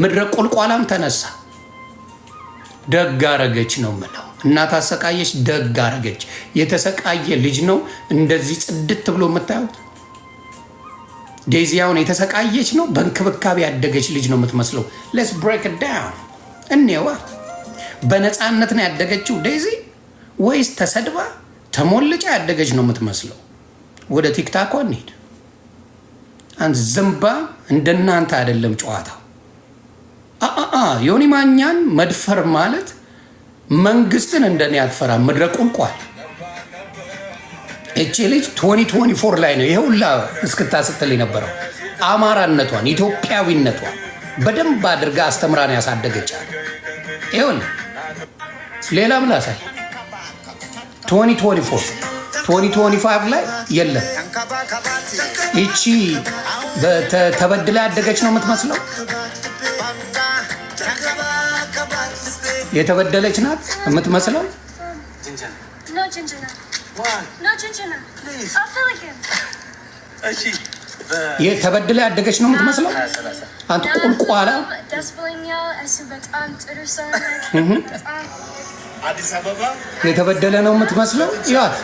ምድረ ቁልቋላም ተነሳ። ደግ አረገች ነው ምለው። እናት አሰቃየች፣ ደግ አረገች። የተሰቃየ ልጅ ነው እንደዚህ ጽድት ብሎ የምታዩት። ዴዚያውን የተሰቃየች ነው በእንክብካቤ ያደገች ልጅ ነው የምትመስለው። ሌትስ ብሬክ ዳውን እኔዋ በነፃነት ነው ያደገችው ዴዚ ወይስ ተሰድባ ተሞልጫ ያደገች ነው የምትመስለው? ወደ ቲክታኳ እንሂድ። አንድ ዝምባ እንደናንተ አይደለም ጨዋታው። ዮኒ ማኛን መድፈር ማለት መንግስትን እንደኔ አትፈራ ምድረ ቁልቋል። እቺ ልጅ 2024 ላይ ነው ይሄ ሁላ እስክታ ስትል የነበረው አማራነቷን ኢትዮጵያዊነቷን በደንብ አድርጋ አስተምራን ያሳደገቻል። ይሁን ሌላም ላሳይ 2024 2025 ላይ የለም። ይቺ ተበድላ ያደገች ነው የምትመስለው። የተበደለች ናት የምትመስለው። ተበድላ ያደገች ነው የምትመስለው። አንተ ቁልቋላ የተበደለ ነው የምትመስለው። ይዋት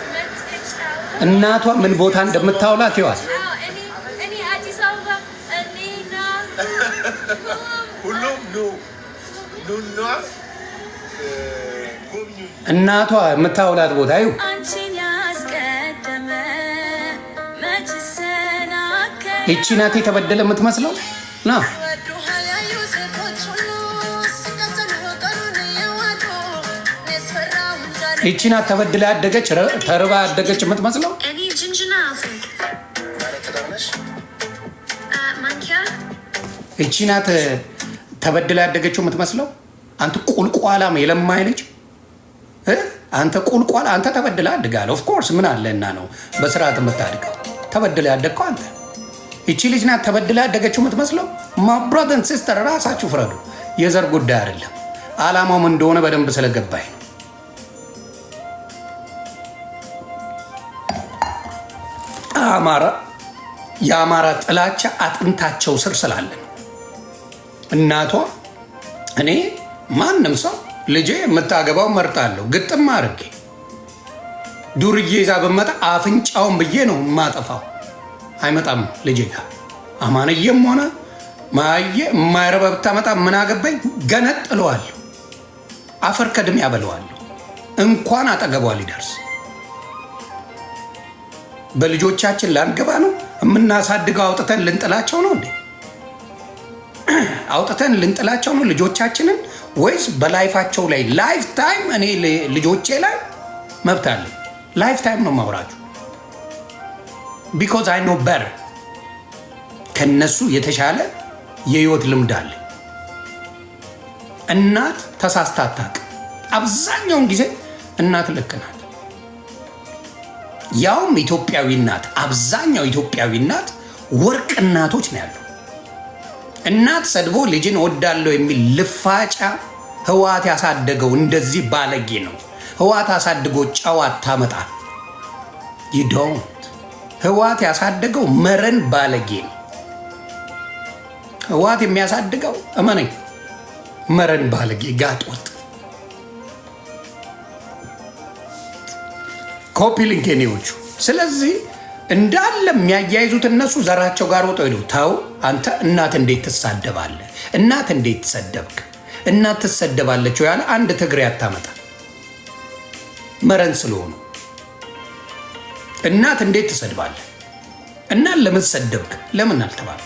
እናቷ ምን ቦታ እንደምታውላት ይዋት። ሁሉም እናቷ የምታውላት ቦታ ይሁ ይቺ ናት የተበደለ የምትመስለው ና ይቺ ናት ተበድላ ያደገች ተርባ ያደገች የምትመስለው ይቺ ናት ተበድላ ያደገችው የምትመስለው አንተ ቁልቋላም የለማይ ልጅ አንተ ቁልቋል አንተ ተበድለ አድጋል። ኦፍኮርስ ምን አለ እና ነው በስርዓት የምታድገው። ተበድለ ያደግከው አንተ። ይቺ ልጅ ናት ተበድለ ያደገችው የምትመስለው። ማብራተን ሲስተር ራሳችሁ ፍረዱ። የዘር ጉዳይ አይደለም። አላማውም እንደሆነ በደንብ ስለገባኝ ነው። አማራ የአማራ ጥላቻ አጥንታቸው ስር ስላለ ነው። እናቷ እኔ ማንም ሰው ልጄ የምታገባው መርጣለሁ። ግጥም አድርጌ ዱርዬ ይዛ ብመጣ አፍንጫውን ብዬ ነው የማጠፋው። አይመጣም ልጄ ጋር አማንዬም ሆነ ማየ የማይረባ ብታመጣ ምን አገባኝ? ገነጥ እለዋለሁ። አፈር ከድሜ ያበለዋለሁ። እንኳን አጠገቧ ሊደርስ በልጆቻችን ላንገባ ነው የምናሳድገው። አውጥተን ልንጥላቸው ነው እንዴ? አውጥተን ልንጥላቸው ነው ልጆቻችንን ወይስ በላይፋቸው ላይ ላይፍ ታይም እኔ ልጆቼ ላይ መብት አለ። ላይፍ ታይም ነው ማውራችሁ። ቢኮዝ አይ ኖ በር ከነሱ የተሻለ የህይወት ልምድ አለ። እናት ተሳስታ አታውቅም። አብዛኛውን ጊዜ እናት ልክ ናት። ያውም ኢትዮጵያዊ እናት፣ አብዛኛው ኢትዮጵያዊ እናት ወርቅ እናቶች ነው ያለው። እናት ሰድቦ ልጅን ወዳለው የሚል ልፋጫ ህዋት ያሳደገው እንደዚህ ባለጌ ነው። ህዋት አሳድጎ ጨዋ ታመጣል። ይዶንት ህዋት ያሳደገው መረን ባለጌ ነው። ህዋት የሚያሳድገው እመነኝ መረን ባለጌ ጋጦት ኮፒ ሊንክ ኔዎቹ ስለዚህ እንዳለ የሚያያይዙት እነሱ ዘራቸው ጋር ወጦ ሄዱ። ተው አንተ እናት እንዴት ትሳደባለህ? እናት እንዴት ትሰደብክ? እናት ትሰደባለች ያለ አንድ ትግሬ አታመጣ መረን ስለሆኑ እናት እንዴት ትሰድባለህ? እናት ለምን ሰደብክ? ለምን አልተባለ?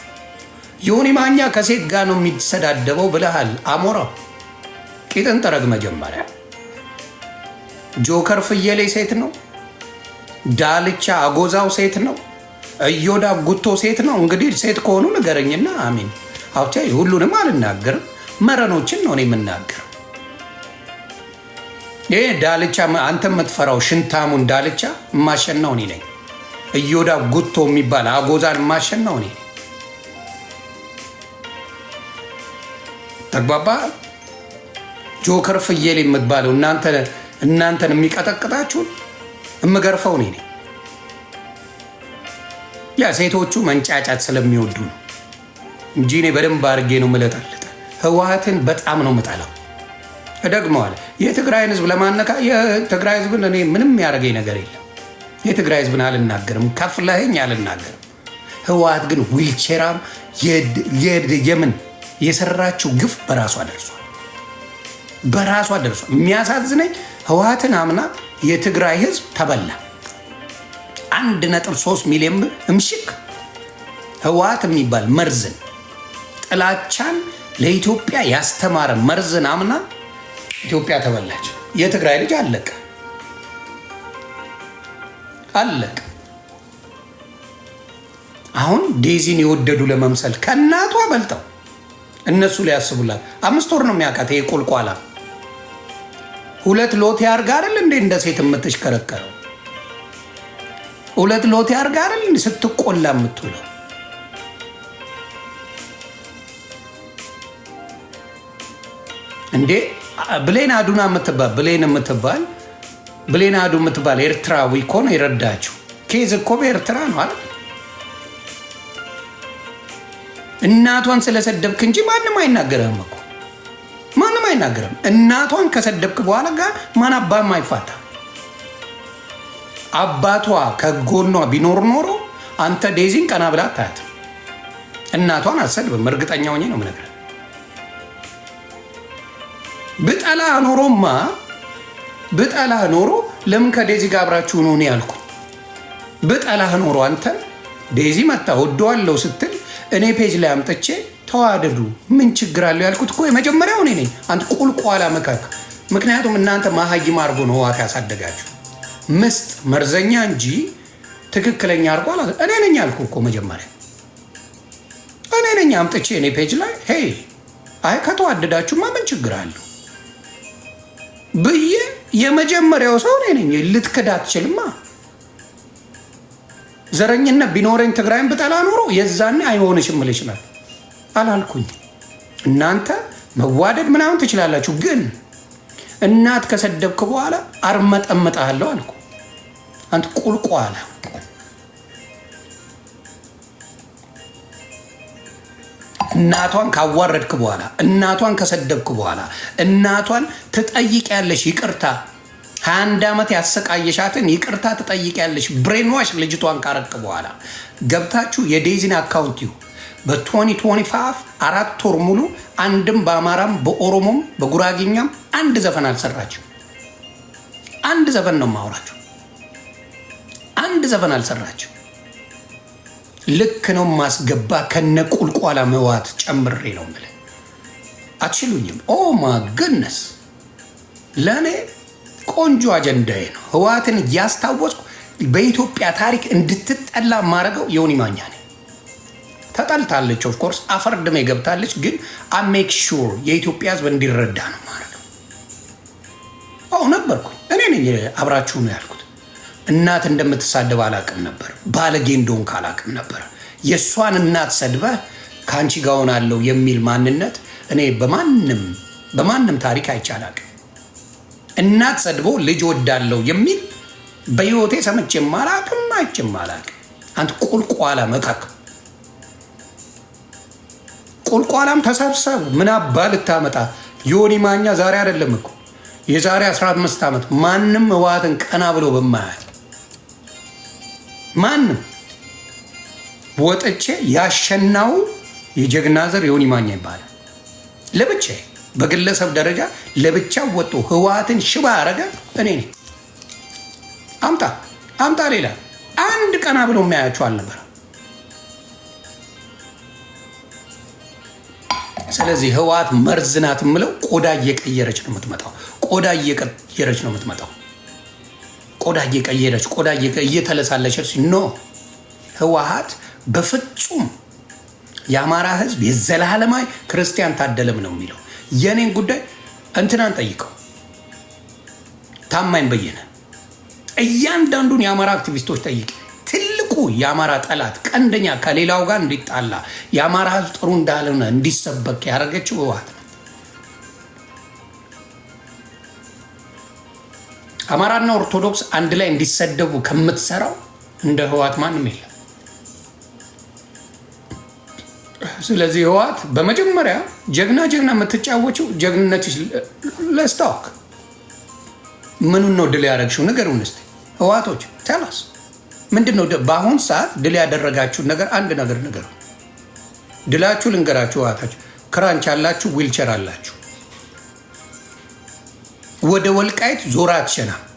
ዮኒ ማኛ ከሴት ጋር ነው የሚሰዳደበው ብለሃል። አሞራው ቂጥን ጠረግ መጀመሪያ ጆከር ፍየሌ ሴት ነው። ዳልቻ አጎዛው ሴት ነው። እዮዳ ጉቶ ሴት ነው። እንግዲህ ሴት ከሆኑ ንገረኝና አሚን አውቻ ሁሉንም አልናገርም። መረኖችን ነው የምናገር። ይህ ዳልቻ አንተ የምትፈራው ሽንታሙን ዳልቻ የማሸናው እኔ ነኝ። እዮዳ ጉቶ የሚባል አጎዛን የማሸናው እኔ ነኝ። ተግባባ። ጆከር ፍየል የምትባለው እናንተን የሚቀጠቅጣችሁን የምገርፈው እኔ ነኝ። ያ ሴቶቹ መንጫጫት ስለሚወዱ ነው እንጂ እኔ በደንብ አድርጌ ነው ምለጣለጠ። ህወሓትን በጣም ነው ምጠላው። እደግመዋል። የትግራይን ህዝብ ለማነካ የትግራይ ህዝብን እኔ ምንም ያደርገኝ ነገር የለም። የትግራይ ህዝብን አልናገርም፣ ከፍለህኝ አልናገርም። ህወሓት ግን ዊልቼራም የምን የሰራችው ግፍ በራሷ ደርሷል፣ በራሷ ደርሷል። የሚያሳዝነኝ ህወሓትን አምና የትግራይ ህዝብ ተበላ። አንድ ነጥብ ሶስት ሚሊዮን እምሽክ ህወሓት የሚባል መርዝን ጥላቻን ለኢትዮጵያ ያስተማረ መርዝን አምና ኢትዮጵያ ተበላች። የትግራይ ልጅ አለቀ አለቀ። አሁን ዴዚን የወደዱ ለመምሰል ከእናቷ በልጠው እነሱ ሊያስቡላት አምስት ወር ነው የሚያውቃት ይሄ ቁልቋላ ሁለት ሎቴ አድርጋ አይደል እንዴ እንደ ሴት የምትሽከረከረው? ሁለት ሎቴ አድርጋ አይደል ስትቆላ የምትውለው? እንዴ ብሌን አዱና የምትባል ብሌን የምትባል ብሌን አዱ የምትባል ኤርትራዊ እኮ ነው የረዳችው። ኬዝ እኮ በኤርትራ ነው አይደል? እናቷን ስለሰደብክ እንጂ ማንም አይናገርህም እኮ አይናገርም። እናቷን ከሰደብክ በኋላ ጋር ማን አባ ማይፋታ አባቷ ከጎኗ ቢኖር ኖሮ አንተ ዴዚን ቀና ብላ ታያት። እናቷን አትሰድብም። እርግጠኛ ሆኜ ነው የምነግርህ። ብጠላ ኖሮማ ብጠላ ኖሮ ለምን ከዴዚ ጋር አብራችሁ ነው እኔ ያልኩኝ? ብጠላህ ኖሮ አንተ ዴዚ መታ ወደዋለው ስትል እኔ ፔጅ ላይ አምጥቼ ተዋደዱ፣ ምን ችግር አለው ያልኩት እኮ የመጀመሪያው እኔ ነኝ። አንተ ቁልቋላ መካክ። ምክንያቱም እናንተ መሀይም አድርጎ ነው ህዋት ያሳደጋችሁ። ምስጥ መርዘኛ እንጂ ትክክለኛ አድርጎ እኔ ነኝ ያልኩ እኮ መጀመሪያ እኔ ነኝ አምጥቼ እኔ ፔጅ ላይ ሄይ አይ ከተዋደዳችሁማ ምን ችግር አለው ብዬ የመጀመሪያው ሰው እኔ ነኝ። ልትክድ አትችልማ። ዘረኝነት ቢኖረኝ ትግራይን ብጠላ ኑሮ የዛኔ አይሆንሽም እልሽ ነበር። አላልኩኝ። እናንተ መዋደድ ምናምን ትችላላችሁ፣ ግን እናት ከሰደብክ በኋላ አርመጠመጥሃለሁ አልኩ። አንተ ቁልቋላ እናቷን ካዋረድክ በኋላ እናቷን ከሰደብክ በኋላ እናቷን ትጠይቂያለሽ ይቅርታ። ሀያ አንድ ዓመት ያሰቃየሻትን ይቅርታ ትጠይቂያለሽ። ብሬንዋሽ ልጅቷን ካረድክ በኋላ ገብታችሁ የዴዚን አካውንት ይሁ በ2025 አራት ወር ሙሉ አንድም በአማራም በኦሮሞም በጉራጌኛም አንድ ዘፈን አልሰራችም። አንድ ዘፈን ነው ማውራቸው። አንድ ዘፈን አልሰራችም። ልክ ነው ማስገባ ከነ ቁልቋላ መዋት ጨምሬ ነው ምለ አትችሉኝም። ኦ ማገነስ ለእኔ ቆንጆ አጀንዳዬ ነው። ህወሓትን እያስታወስኩ በኢትዮጵያ ታሪክ እንድትጠላ ማድረገው ዮኒ ማኛ ነው። ተጠልታለች። ኦፍኮርስ አፈር አፈርድሜ ገብታለች። ግን አሜክ ሹር የኢትዮጵያ ሕዝብ እንዲረዳ ነው ማድረገው። አሁ ነበርኩ እኔ ነኝ አብራችሁ ነው ያልኩት። እናት እንደምትሳደብ አላቅም ነበር። ባለጌ እንደሆንክ አላቅም ነበር። የእሷን እናት ሰድበህ ከአንቺ ጋር ሆናለሁ የሚል ማንነት እኔ በማንም በማንም ታሪክ አይቻላቅም። እናት ሰድቦ ልጅ ወዳለው የሚል በህይወቴ ሰምቼም አላቅም አይቼም አላቅም። አንተ ቁልቋላ መካከል ቁልቋላም ተሰብሰቡ። ምን አባ ልታመጣ ዮኒ ማኛ ዛሬ አይደለም እኮ የዛሬ 15 ዓመት ማንም ህወሓትን ቀና ብሎ በማያል ማንም ወጥቼ ያሸናው የጀግና ዘር ዮኒ ማኛ ይባላል። ለብቻ በግለሰብ ደረጃ ለብቻ ወጡ ህወሓትን ሽባ አረገ። እኔ ነኝ። አምጣ አምጣ ሌላ አንድ ቀና ብሎ የሚያያቸው አልነበረ ስለዚህ ህወሓት መርዝ ናት የምለው ቆዳ እየቀየረች ነው የምትመጣው። ቆዳ እየቀየረች ነው የምትመጣው። ቆዳ እየቀየረች ቆዳ እየተለሳለች ኖ ህወሓት በፍጹም የአማራ ህዝብ የዘላለማዊ ክርስቲያን ታደለም ነው የሚለው። የእኔን ጉዳይ እንትናን ጠይቀው ታማኝ በየነ እያንዳንዱን የአማራ አክቲቪስቶች ጠይቅ። የአማራ ጠላት ቀንደኛ ከሌላው ጋር እንዲጣላ የአማራ ህዝብ ጥሩ እንዳልሆነ እንዲሰበክ ያደረገችው ህወሓት ነው። አማራና ኦርቶዶክስ አንድ ላይ እንዲሰደቡ ከምትሰራው እንደ ህወሓት ማንም የለም። ስለዚህ ህወሓት በመጀመሪያ ጀግና ጀግና የምትጫወችው ጀግንነት ለስታወክ ምኑን ነው ድል ያደረግሽው? ንገሩን እስኪ ህወሓቶች ተላስ ምንድን ነው በአሁን ሰዓት ድል ያደረጋችሁ ነገር አንድ ነገር ነገር ድላችሁ ልንገራችሁ፣ ዋታችሁ ክራንች አላችሁ፣ ዊልቸር አላችሁ። ወደ ወልቃይት ዞራ አትሸናም።